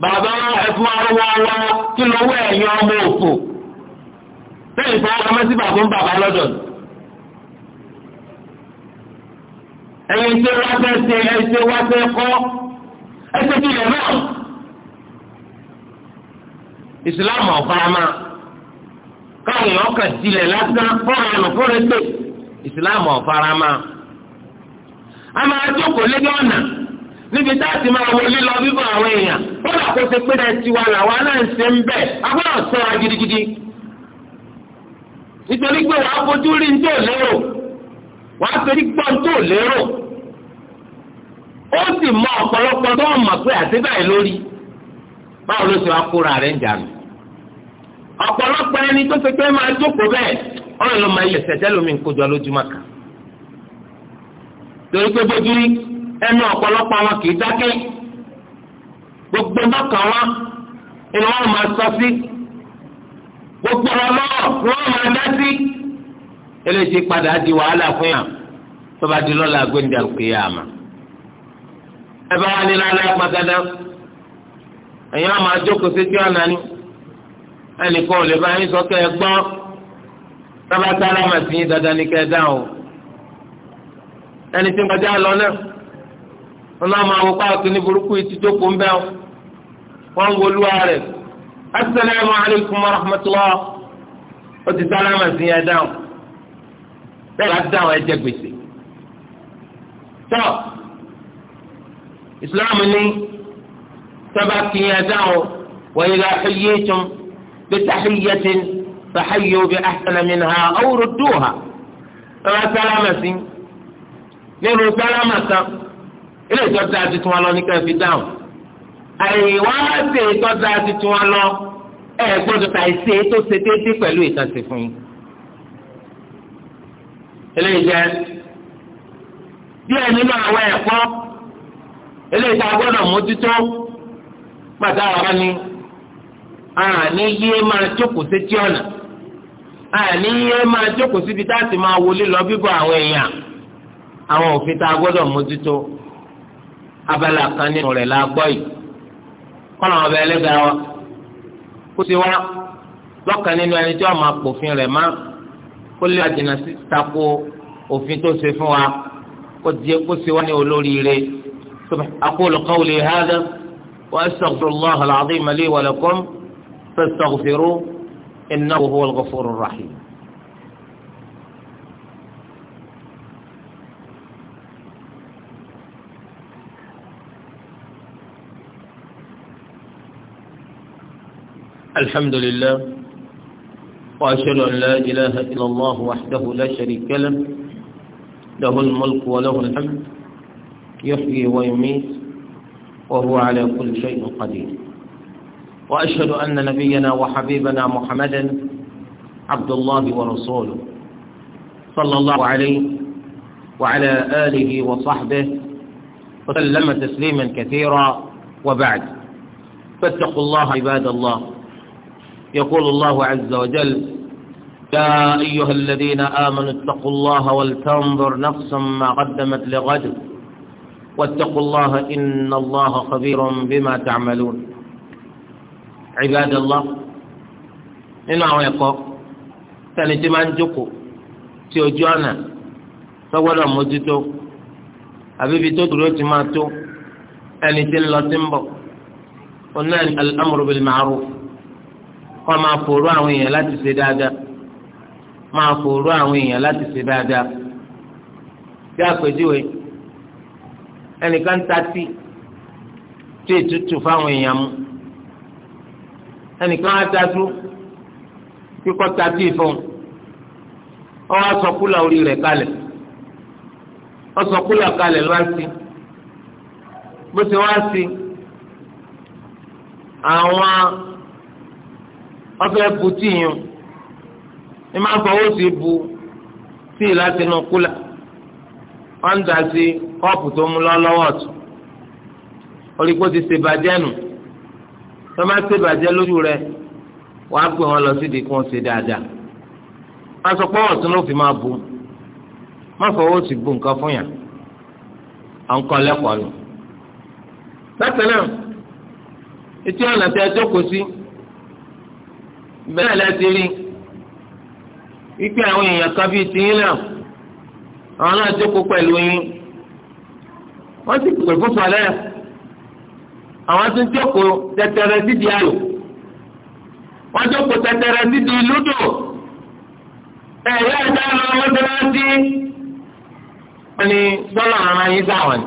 bàbá ẹfún arúgbó wa kí ló wọ ẹ̀yìn ọmọ òfò bẹ́ẹ̀ ìfowópamọ́ sí bàbá ń bàbá lọ́dọ̀ ẹ̀yin tí wọ́n fẹ́ ṣe ẹ̀ṣẹ̀ wọ́n fẹ́ kọ́ ẹ̀ṣẹ̀ kí lè náà. Islam ọ̀farama káwọn èèyàn kàn tilẹ̀ lásán fọ́nrán àná fọ́nrán pé ìsìláàmù ọ̀farama. a máa jókòó lé níbi tá a ti máa wọlé lọ àwọn èèyàn kó ṣe pé náà tiwa làwa náà ń ṣe ń bẹ̀ agbọ́dọ̀ sọ́ra gidigidi. nítorí pé wàá fojú rí ní tó ó sì mọ ọ̀pọ̀lọpọ̀ tó ń mọ̀ pé báwo ló ṣe wá kóra rẹ̀ ń jànú. ọ̀pọ̀lọpọ̀ ẹni tó ṣe pé máa jókòó bẹ́ẹ̀ ọ̀rọ̀ ló máa yẹ ṣẹ̀ṣẹ̀ lójúmọ́ kan. torí pé bójú rí ẹnu ọ̀pọ̀lọpọ̀ wọn kì í dákẹ́ gbogbo bákan wọn wọn máa sọ sí gbogbo ọlọ́rọ̀ wọn máa dá sí eléyìí padà di wàhálà fún yàn tó bá di lọ́la gbẹ̀ndẹ̀ ẹ bá ẹ̀yin á máa jókòó sétí ọ̀nà ni ẹnìkan ò lè bá yín sọ kẹ́ ẹ gbọ́ sábà sálámà sí yín dandan ní kẹ́ ẹ dáhùn o ẹni tí ń kọjá lọ náà wọn náà máa wọ káàkiri ní burúkú yìí ti jókòó ń bẹ́ ọ wọn ń wolú ààrẹ asalaamu alaykum wa rahmatulah ó ti sálámà sí yín ẹ dáhùn bẹ́ẹ̀ láti dáhùn ẹ jẹ gbèsè tọ́ ìsìláàmù ní. سبك يدعو وإذا حييتم بتحية فحيوا بأحسن منها أو ردوها سلامة nínú sálámà kan ilé ìtọ́jú àti tiwọn lọ ní kẹfì dáhùn àìwá ṣe ìtọ́jú àti tiwọn lọ ẹ gbọ́dọ̀ tàì ṣe tó ṣe déédéé pẹ̀lú ìtànṣe fún yín. ilé ìjẹ díẹ̀ nínú àwọn ẹ̀kọ́ ilé ìta gbọ́dọ̀ mójútó pàtà àwa ni àní yé máa jókòó sétí ọ̀nà àní yé máa jókòó síbi tá a ti máa wọlé lọ bíbọ̀ àwọn èèyàn àwọn òfin tá a gbọ́dọ̀ mójútó abala kan nínú rẹ̀ la gbọ́ yìí kọ́nà ọ̀bẹ ẹlẹ́gàá wa kó ti wá lọ́kàn nínú ẹni tí wọ́n máa pòfin rẹ̀ má kó lè àjìnà sí tako òfin tó ṣe fún wa kó di kó ṣe wá ní olóríire. أقول قولي هذا وأستغفر الله العظيم لي ولكم فاستغفروه إنه هو الغفور الرحيم الحمد لله وأشهد أن لا إله إلا الله وحده لا شريك له له الملك وله الحمد يحيي ويميت وهو على كل شيء قدير وأشهد أن نبينا وحبيبنا محمدا عبد الله ورسوله صلى الله عليه وعلى آله وصحبه وسلم تسليما كثيرا وبعد فاتقوا الله عباد الله يقول الله عز وجل يا أيها الذين آمنوا اتقوا الله ولتنظر نفس ما قدمت لغد واتقوا الله إن الله خبير بما تعملون عباد الله nínú àwọn ẹ̀kọ́ tani tí máa ń jókòó tí ojú ọ̀nà tó gbọ́dọ̀ mójútó àbíbi tó dúró ti máa tó ẹni tí ń lọ sí ń bọ̀ òun náà ní al-amru bil ma'ruf kọ́ máa fòrò àwọn èèyàn láti ṣe dáadáa máa fòrò àwọn èèyàn láti ṣe dáadáa bí àpèjúwe ẹnìkan ta tí tí ètùtù fáwọn èèyàn mu ẹnìkan á ta tú kíkọ́ ta tí fún ọ wá sọ kúlà orí rẹ̀ kalẹ̀ ọ sọ kúlà kalẹ̀ lọ́wọ́ sí bó ti wá sí àwọn ọfẹ bu tíyùn ní máa fọwọ́ sí bu tíì látinú kúlà wọ́n ń dà sí kọ́ọ̀pù tó mú lọ́wọ́ ọ̀tún orí kó ti ṣèbàjẹ́ nù tó má ṣèbàjẹ́ lójú rẹ̀ wàá gbé wọn lọ síbi kí wọ́n ṣe dáadáa wọ́n sọ pé ọ̀tún ló fi máa bu má fọwọ́ sí bu nǹkan fún yàn à ń kọ́ lẹ́kọ̀ọ́ nù. bákan náà etí ọ̀nà tí a jókòó sí bẹ́ẹ̀ lẹ́ẹ̀ rí wípé àwọn èèyàn kan bíi tìyín náà. àwọn náà jókòó pẹ̀lú yín wọ́n sì pè fún sọ̀lẹ́ àwọn tó ń jókòó tẹ̀tẹ̀rẹ̀ sídìí ayò wọ́n jókòó tẹ̀tẹ̀rẹ̀ sídìí lúdò ẹ̀yẹ́ ẹ̀dá lọ wọ́n ti rántí wọ́n ní sọ́lá ara yín sáwọn ni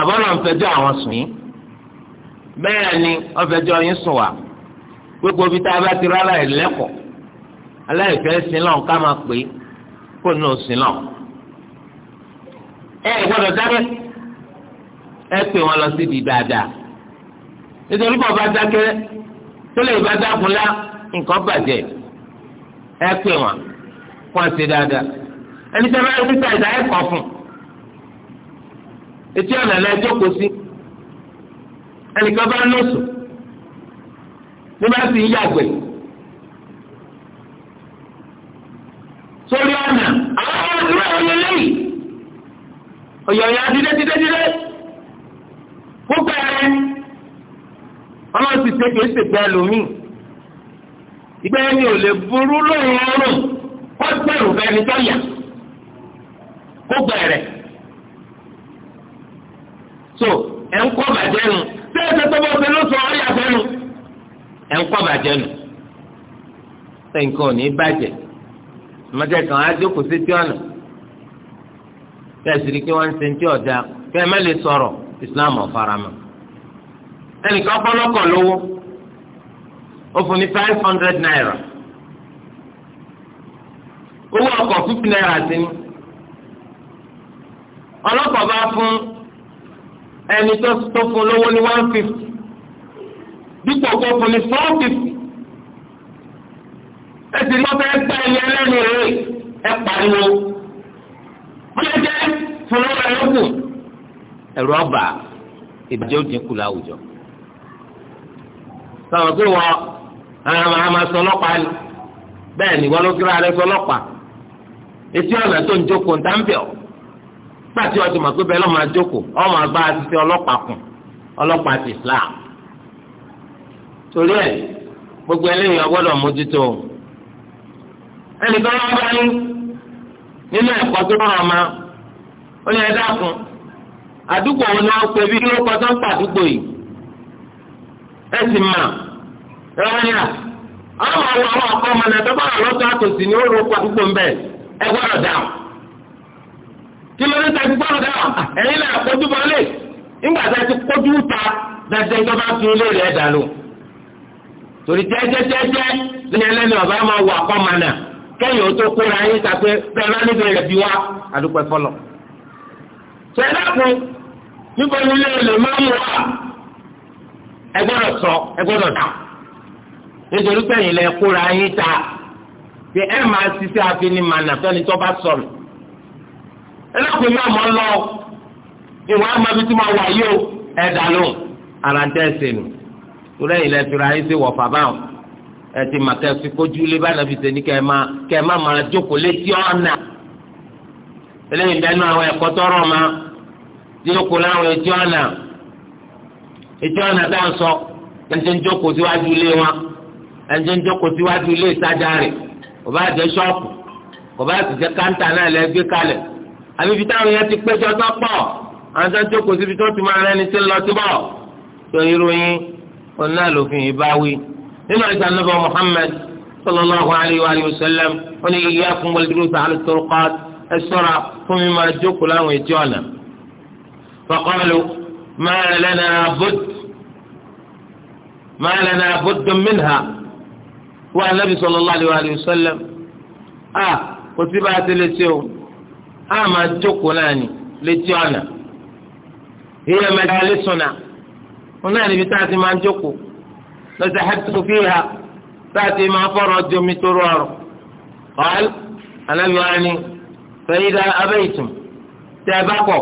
àbọ̀nà ń fẹjọ́ àwọn sùn yín bẹ́ẹ̀ ni wọ́n yín sùn wá gbogbo bí tá a bá ti rárá ẹ̀ aláìfẹ́ sí máa pè é. kó nínú òsìn náà ẹ gbọ́dọ̀ dábẹ́ ẹ pè wọn lọ sí di dáadáa nítorí bọ́ bá dákẹ́ tó lè bá dákunlá nǹkan bàjẹ́ ẹ pè wọn kó wọn ṣe dáadáa ẹni tẹ́ bá yẹ kíkà ìdá ẹ kọ̀ fún etí ọ̀nà lẹ jókòó sí ẹnìkan bá lóṣù bí bá sì ń yàgbẹ́. ọ̀yọ̀ ya dídé dídé dídé gbogbo ẹ̀rẹ́ ọlọ́run ti ṣe kìí ṣègbè ẹlòmíì ìgbà ẹni ò lè burú lóhùn ọrùn kó gbẹ̀rù bẹ́ẹ̀ ni tó yà gbogbo ẹ̀rẹ́ so ẹ̀ ń kọ́ bàjẹ́ nu ṣé ẹsẹ̀ tó bọ́ ṣe ló sọ ọ́ yà fẹ́ nu ẹ̀ ń kọ́ bàjẹ́ nu ṣé nǹkan ò ní bàjẹ́ ọmọdé kan á jókòó sí tí tẹ̀sí ni pé wọ́n ń ṣe ní tí ọ̀dà kẹ́ ẹ má lè sọ̀rọ̀ islam ọ̀farama. ẹnìkan bọ́lọ́kọ̀ lówó ó fún ní five hundred naira owó ọkọ̀ fifty naira sí ni ọlọ́kọ̀ bá fún ẹni tó fún lówó ní one fifty dípò kó fún ní four fifty ẹ sì ní wọ́n fẹ́ gbá ẹni ẹlẹ́nu rẹ̀ ẹ pariwo. Bọ́lá jẹ́ fún lọ́wọ́ yòókù ẹ̀rọ ọba ìbàjẹ́ òdì kù láwùjọ. sọ̀rọ̀ pé wọ́n àwọn sọ ọlọ́pàá ni bẹ́ẹ̀ ni wọ́n ló kíra rẹ sọ ọlọ́pàá etí ọ̀nà tó ń jókòó ń ọ́ pàtí ọtí bẹ́ẹ̀ lọ́ máa jókòó ọ́ máa torí ẹ̀ gbogbo ọgbọ́dọ̀ mójútó bá nínú ẹ̀kọ́ tó ó ní ẹ̀dá kun àdúgbò wo ni wọ́n pè bí kíló kọ́tọ́ ń pàdúgbò yìí ẹ sì mà ẹ wọ́n yà àwọn àwọn àwọn ọmọ náà tọ́gbà lọ́tọ́ àtòsí ni ó ro pàdúgbò ń bẹ̀ ẹ gbọ́dọ̀ dà kí ló ta ti gbọ́dọ̀ dà ẹ̀yin náà bọ́lẹ̀ tá a ti kọjú ta dáadáa ìjọba fi ilé rẹ̀ dà lọ torí jẹ́jẹ́jẹ́jẹ́ lẹ́yìn ẹlẹ́ni ọ̀bá máa ọmọ náà sẹ́dàkùn níbo ni ilé olè máa ń wà ẹ gbọ́dọ̀ sọ ẹ gbọ́dọ̀ dà nítorí pẹ̀yìn lẹ kóra yín ta ṣe ẹ máa ṣiṣẹ́ afinimànà fẹ́ni tó bá sọnù ẹlẹ́kùn náà mọ̀ lọ ìwà àmàbí tí mo wà yóò ẹ dà lóhùn ara ń tẹ́ ẹsẹ̀ nù torí ẹ̀yìn lẹ fira yín sí wọ̀fà báwọn ẹ ti màkà ẹ fi kójú lé bá nàbì sẹ́ni kẹ́ ẹ má máa jókòó létí ọ̀nà eléyìí bẹ́ẹ̀ nù àwọn ẹ̀kọ́ tọrọ ma dínkù láwọn etí ọ̀nà etí ọ̀nà tá à ń sọ ẹni tí ń jókòó síwájú ilé wọn ẹni tí ń jókòó síwájú ilé ìtajà rẹ̀ kò bá jẹ́ ṣọ́ọ̀pù kò bá sì jẹ́ káńtà náà lẹ́ gbé kalẹ̀ àbí ibi táwọn yẹn ti péjọ tó pọ̀ àwọn tó ń jókòó síbi tó ti máa rẹ́ni tí ń lọ síbọ̀ tó ìròyìn òun náà lòfin ìbáwí nínú ìtàn Ànábì Muhammad sallallahu alayhi wa sallam ó ní iyyakum wal julus ala turuqat ẹ ṣọ́ra fún mi máa jókòó láwọn etí ọ̀nà. faqalu ma lana budd ma lana budd minha wa anabi sallallahu alayhi wa sallam a kò sí bá a ti lè ṣe o a máa jókòó náà ní létí ọ̀nà. hiya majalisuna wọn náà níbi tá a ti máa jókòó nazahathu fiha tá a ti máa fọ̀rọ̀ jomi tó rọrùn. qal anabi wa ni. fẹyìdà abẹ́yìtùm tẹ ẹ bá kọ̀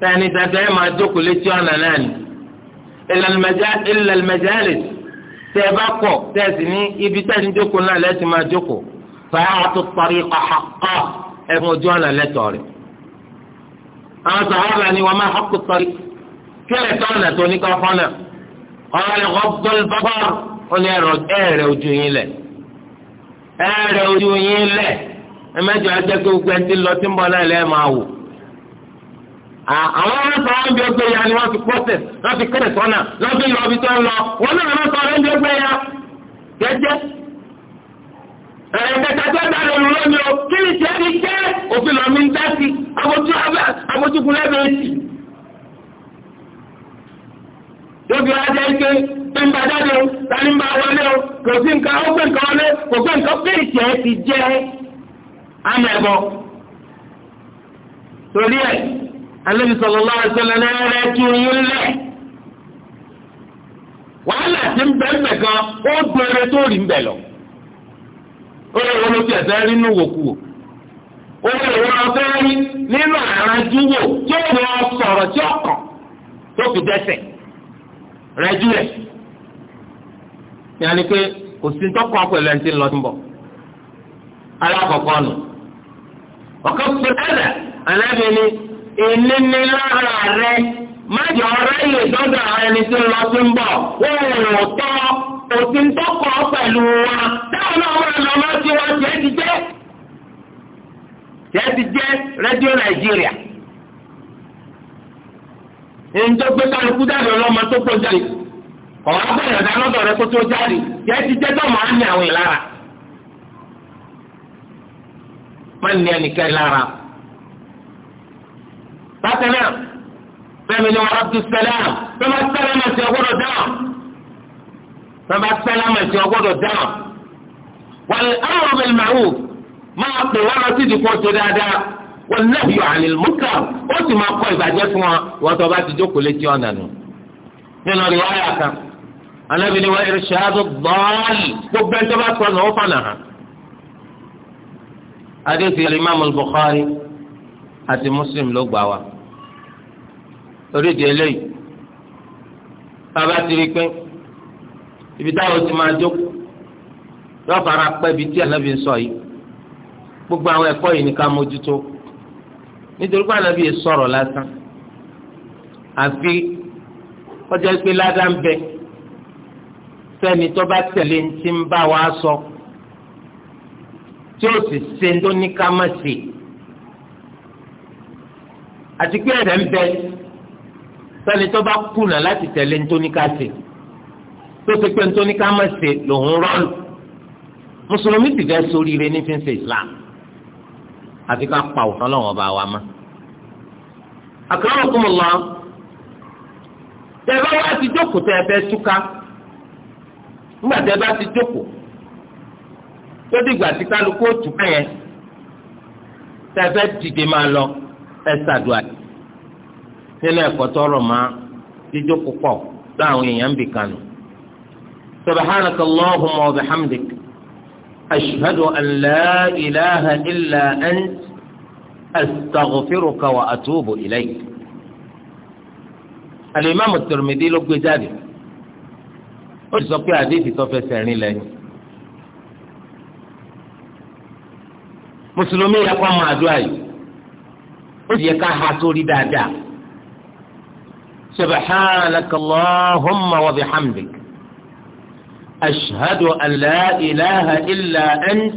tẹni dandan ẹ máa jókòó létí ọ̀nà náà ni ìlàlùmẹ̀jáàlìs tẹ ẹ bá kọ̀ tẹ ẹ sì ní ibi tẹ ní jókòó náà lẹ́sìn máa jókòó fàá tó parí ọ̀hàkọ́ ẹ fún ojú ọ̀nà lẹ́tọ̀ọ́ rẹ̀ àwọn sàhábà ni wọ́n máa hàkú parí kílẹ̀ tó ọ̀nà tó ní ká fọ́nà ọ̀rọ̀ ẹ̀kọ́ gbọ́dọ̀ bá ọ ní ẹ̀rẹ̀ ojú yín lẹ̀ ẹ̀rẹ̀ ojú yín lẹ̀. ẹ mẹ́jọ ajẹ gbogbo ẹni lọ sí ń bọ̀ máa wò. àwọn ya ni wọ́n ti ti fi lọ ibi tó ń lọ wọn náà sọ ya jẹ́jẹ́. ẹ̀rẹ̀ kẹta tó dára ìlú lónìí o kí ni òfin lọ mi ń dá sí ike tó ń o tani ń bá wọlé o kò sí nǹkan ó gbé nǹkan wọlé kò amẹ́bọ torí ẹ̀ alẹ́bi sallallahu alaihi wasallam náà rẹ̀ tú yín lẹ̀ wàhálà tí ń bẹ́ẹ̀ bẹ̀ gan ó gbére tó rí ń lọ ó lè wọ́n fi ẹ̀sẹ̀ rí nínú wòkúwò ó lè wọ́n fẹ́ rí nínú wò tí ó sọ̀rọ̀ tí tó fi dẹ́sẹ̀ rẹ̀ ni pé kò ọ̀kan fún ẹ̀dà alábẹ́ni ìnínilára rẹ májọ ọ̀rẹ́ yìí dọ́dọ̀ àwọn ẹni tí ń lọ sí ń bọ̀ wọ́n ò tọ́ òsì ń tọkọ̀ pẹ̀lú wa táwọn náà wọ́n lọ lọ sí wọn tiẹ̀ ti jẹ́ tiẹ̀ ti jẹ́ rédíò nàìjíríà èyí tó gbé kálukú dáadọ̀ lọ́mọ tó kọjá yìí ọ̀rọ̀ abẹ́rẹ́ dáná dọ̀rẹ́ kó tó jáde tiẹ̀ ti jẹ́ tó máa ń ní àwọn ìlara má ní ẹnìkan lára. bákan náà bẹ́ẹ̀ni ni wọ́n ti sẹ́lẹ̀m bẹ́ẹ̀ bá sẹ́lẹ̀m ẹ̀sìn ọgbọ́dọ̀ dáhùn bẹ́ẹ̀ bá sẹ́lẹ̀m ẹ̀sìn ọgbọ́dọ̀ dáhùn. wọ́n lè amru bil ma'ruf máa pè wọ́n lọ sí ìdìpọ̀ tó dáadáa wọ́n náà yọ àlè mọ́kà ó sì máa kọ́ ìbàjẹ́ fún wọn wọ́n tó bá ti jókòó létí ọ̀nà nù. nínú rí wáyà kan anábìnrin wa irṣadu dọ́ọ̀lì gbogbo ẹjọ́ bá sọ adéfi alimami Bukhari àti Muslim ló gbà wá torí di eléyìí bàbá ti rí pé ibi táwọn ti máa jókòó yóò fara pẹ́ ibi tí ànábì ń sọ yìí gbogbo àwọn ẹ̀kọ́ yìí ní ká mójútó nítorí pé ànábì yìí sọ̀rọ̀ lásán àfi kọjá pé ládàá ń bẹ fẹ́ni tó bá tẹ̀lé ń ti ń bá wa sọ. So tí ó sì ṣe tó ní ká má ṣe àti pé ẹ̀rẹ̀ ń bẹ sẹ́ni tó bá kùnà láti tẹ̀lé tó ní ká ṣe tó ṣe pé tó ní ká má ṣe lòun rọ́ọ̀lù mùsùlùmí sì fẹ́ sóríire ní fi Islam àfi ká pa òfin lọ́wọ́ bá wa mọ́. Akramakumullah tẹ bá wá ti jókòó tẹ ẹ fẹ́ túká bá ti jókòó tó dìgbà tí kálukú òtún bẹ́yẹn tẹ́fẹ́ dìde máa lọ ẹ ṣàdúrà nínú ẹ̀kọ́ tọrọ máa jíjó púpọ̀ láwọn èèyàn bì kànú. سبحانك اللهم وبحمدك أشهد أن لا إله إلا أنت أستغفرك وأتوب إليك الإمام الترمذي لو جاده ó sọ pé àdéhìí tó fẹsẹ̀ rìn lẹ́yìn mùsùlùmí yẹ kó máa dúà yìí ó sì yẹ ká ha sórí dáadáa subhanaka allahumma wa bihamdik ashhadu an la ilaha illa ant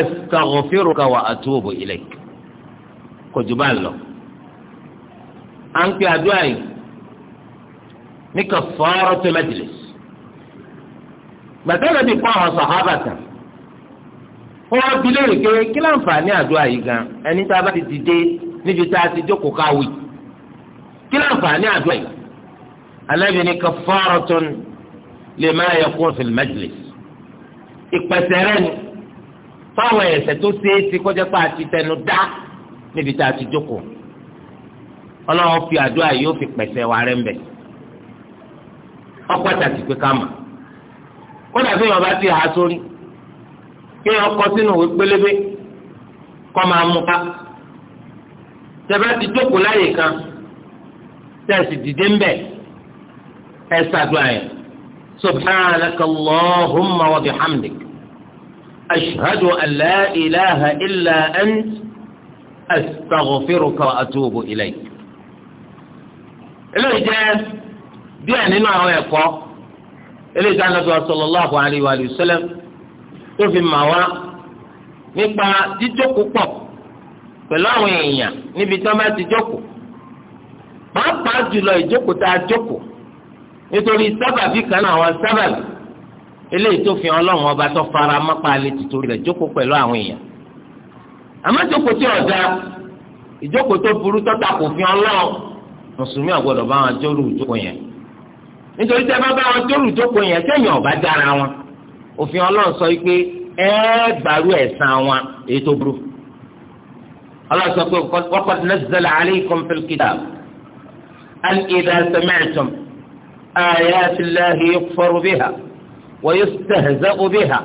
astaghfiruka wa atubu ilayk kò jù bá lọ à ń pè àdúrà yìí ní kafaratul majlis gbàtà bí kó àwọn sàhábà tán. wọ́n bi léèrè pé kí láǹfààní àdúrà yìí gan ẹni tá a bá ti dìde níbi tá a ti jókòó káwì kí láǹfààní àdúrà yìí Ànábì ní kafaratun lima yakun fil majlis ìpèsè rẹ̀ ni fáwọn ẹ̀ṣẹ̀ tó ṣeé ti kọjá pa àti tẹnu dá níbi tá a ti jókòó Ọlọ́run fi àdúrà yìí ó fi pèsè wa rẹ̀ mbẹ̀ ọ̀pọ̀ àtàtì pé ká mà kó dàbí Yorùbá ti hà sórí kéèyàn kọ sínú ìwé pélébé kọ́ máa mú ká tẹ́fẹ́ ti jókòó láyè kan tẹ́sí dìde ń bẹ̀ ẹ ṣàdúrà yẹn subhanaka allahumma wa bihamdik ashhadu an la ilaha illa ant astaghfiruka wa atubu ilayk. eléyìí jẹ́ díẹ̀ nínú àwọn ẹ̀kọ́ eléyìí tí a nàbẹ̀ sallallahu alayhi wa sallam tó fi mà wá nípa jíjókòó pọ̀ pẹ̀lú àwọn èèyàn níbi tí wọ́n bá ti jókòó pàápàá jùlọ ìjókòó tá a jókòó nítorí sábàbí kan náà àwọn sábàbí eléyìí tó fi ọlọ́run ọba tó fara mọ́pá alẹ́ tìtorí rẹ̀ jókòó pẹ̀lú àwọn èèyàn àmọ́ jókòó tí ọ̀dà ìjókòó tó burú tọ́ta kò fi ọlọ́run mùsùlùmí ọ̀gbọ́dọ̀ bá wọn jórù ìjókòó yẹn nítorí tẹ́ bá bá wọn jórù ìjókòó yẹn sẹ́yìn ọ̀bá dára wọn. òfin ọlọ́run sọ pé ẹ gbàrú ẹ̀san wọn èyí tó burú ọlọ́run sọ pé alẹ́ waqad nazzala alaykum fil kitab an idha sami'tum ayati llahi yukfaru biha wa yustahza'u biha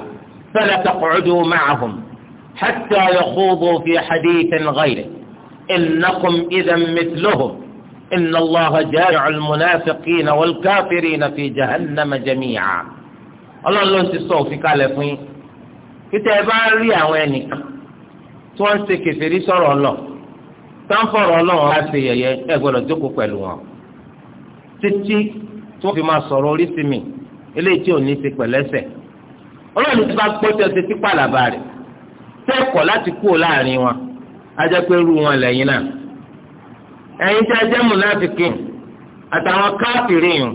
fala taq'udu ma'ahum hatta yakhudu fi hadithin ghayrihi innakum idhan mithluhum. إن الله جامع المنافقين والكافرين في جهنم جميعا ọlọ́run ló ń ti sọ òfin kalẹ̀ fún yín kíta ẹ bá rí àwọn ẹnìkan tí wọ́n ń ṣe kèfèrí sọ̀rọ̀ ọlọ́ táǹfọ̀rọ̀ ọlọ́run á ṣe yẹ̀yẹ́ ẹ gbọ́dọ̀ jókòó pẹ̀lú wọn títí tí wọ́n fi máa sọ̀rọ̀ oríṣi mi eléyìí tí ò ní ṣe pẹ̀lẹ́sẹ̀ ọlọ́run ti bá gbọ́ tí ẹ ti pípa làbà rẹ̀ tẹ́kọ̀ọ́ láti kúrò láàrin wọn ajẹ́pẹ́rú wọn lẹ́yìn náà ẹ̀yin tí a jẹ́ mùnáfíkì àtàwọn káàkiri yìí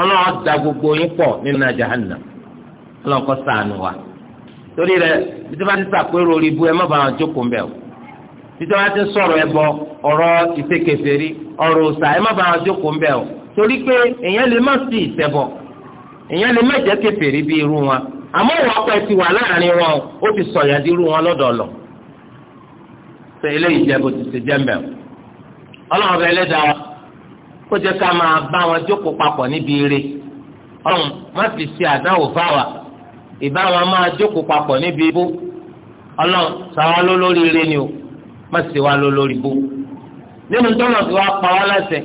ọlọ́run da gbogbo yín pọ̀ nínú jahannam ọlọ́nkọ́ sànù wa torí rẹ bí tí ti sàpérò orí ibu ẹ má bàa jókòó mbẹ́ o bí tí ọrụ ti sọ̀rọ̀ ẹbọ ọ̀rọ̀ ìṣekèfèrí ọ̀rọ̀ òsà ẹ má bàa jókòó mbẹ́ o torí pé èèyàn lè má sí èèyàn lè má jẹ́ bí irú wọn àmọ́ ìwà ti wà láàrin wọn ó ti sọ̀yà wọn ire má fi ṣe àdáwò ìbá wọn máa jókòó papọ̀ níbi ibú ọlọ́run sàwọn lólórí ire ni o má sì wá lólórí ibú nínú tọ́nà tí wọ́n pa wá lẹ́sẹ̀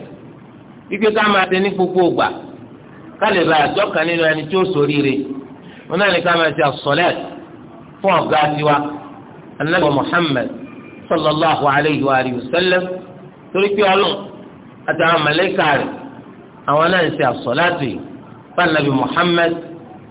wípé ká máa ṣe ní gbogbo ògbà ká lè bá àjọ kan nínú ẹni tí ó sórí ire wọn náà ní ká máa ṣe àsọlẹ́t fún ọ̀gá tiwa anabi Muhammad sallallahu alayhi wa sallam torí pé ọlọ́run àtàwọn màláíkà rẹ̀ àwọn náà ń ṣe àsọlẹ́t yìí fún anabi Muhammad.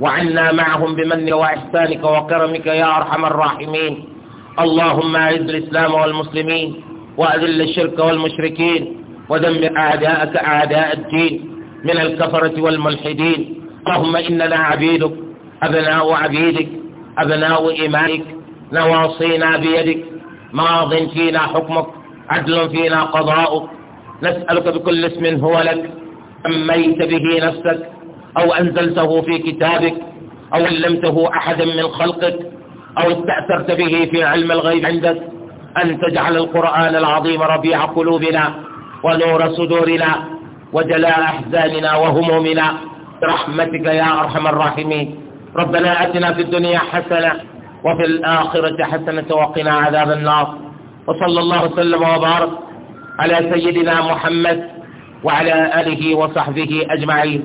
وعنا معهم بمن وإحسانك وكرمك يا أرحم الراحمين اللهم أعز الإسلام والمسلمين وأذل الشرك والمشركين ودمر أعداءك أعداء الدين من الكفرة والملحدين اللهم إننا عبيدك أبناء عبيدك أبناء إمائك نواصينا بيدك ماض فينا حكمك عدل فينا قضاؤك نسألك بكل اسم هو لك أميت به نفسك أو أنزلته في كتابك أو علمته أحدا من خلقك أو استأثرت به في علم الغيب عندك أن تجعل القرآن العظيم ربيع قلوبنا ونور صدورنا وجلاء أحزاننا وهمومنا برحمتك يا أرحم الراحمين ربنا أتنا في الدنيا حسنة وفي الآخرة حسنة وقنا عذاب النار وصلى الله وسلم وبارك على سيدنا محمد وعلى آله وصحبه أجمعين